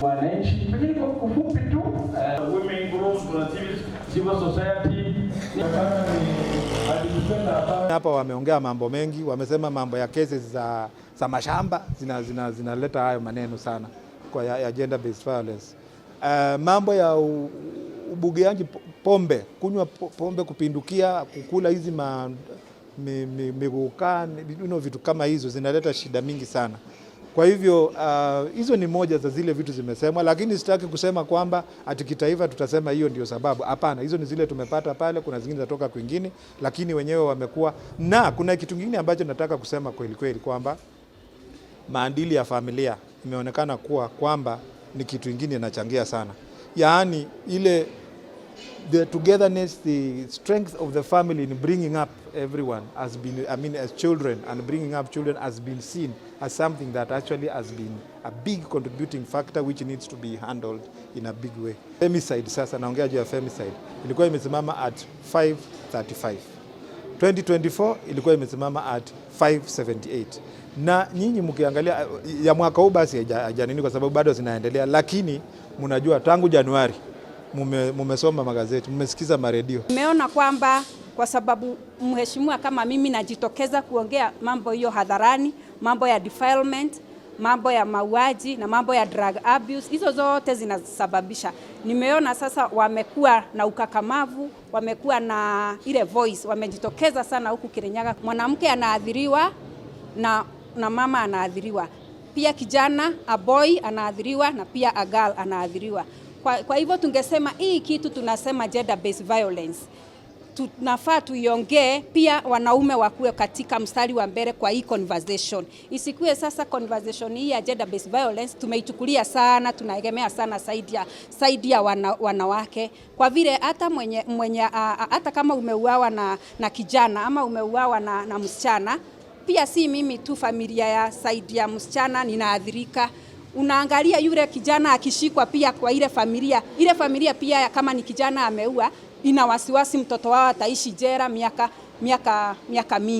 wananchi. kwa kufupi tu, eh, women groups, kuna civil society hapa wameongea mambo mengi, wamesema mambo ya kesi za, za mashamba zinaleta zina, zina hayo maneno sana kwa ya, ya gender based violence. Uh, mambo ya ubugiaji pombe, kunywa pombe kupindukia, kukula hizi miguukani, vitu kama hizo zinaleta shida mingi sana. Kwa hivyo uh, hizo uh, ni moja za zile vitu zimesemwa, lakini sitaki kusema kwamba ati kitaifa tutasema hiyo ndio sababu. Hapana, hizo ni zile tumepata pale, kuna zingine zatoka kwingine, lakini wenyewe wamekuwa na. Kuna kitu kingine ambacho nataka kusema kweli kweli kwamba maadili ya familia imeonekana kuwa kwamba ni kitu kingine inachangia sana, yaani ile the togetherness, the strength of the family in bringing up everyone has been, I mean, as children and bringing up children has been seen as something that actually has been a big contributing factor which needs to be handled in a big way. Femicide sasa, naongea juu ya femicide, ilikuwa imesimama at 535. 2024 ilikuwa imesimama at 578 na nyinyi mkiangalia ya mwaka huu basi hajanini, kwa sababu bado zinaendelea, lakini mnajua tangu Januari mumesoma mume magazeti, mmesikiza maredio, mmeona kwamba kwa sababu mheshimiwa kama mimi najitokeza kuongea mambo hiyo hadharani, mambo ya defilement, mambo ya mauaji na mambo ya drug abuse, hizo zote zinasababisha. Nimeona sasa wamekuwa na ukakamavu, wamekuwa na ile voice, wamejitokeza sana huku Kirinyaga. Mwanamke anaathiriwa na, na mama anaathiriwa pia, kijana a boy anaathiriwa na pia a girl anaathiriwa. Kwa, kwa hivyo tungesema hii kitu tunasema gender based violence tunafaa tuiongee, pia wanaume wakuwe katika mstari wa mbele kwa hii conversation. Isikuwe sasa conversation hii ya gender based violence tumeichukulia sana, tunaegemea sana saidia saidia wana, wanawake, kwa vile hata mwenye, mwenye hata kama umeuawa na, na kijana ama umeuawa na, na msichana, pia si mimi tu, familia ya saidia msichana ninaathirika unaangalia yule kijana akishikwa pia kwa ile familia, ile familia pia kama ni kijana ameua, ina wasiwasi mtoto wao ataishi jera miaka miaka miaka mingi.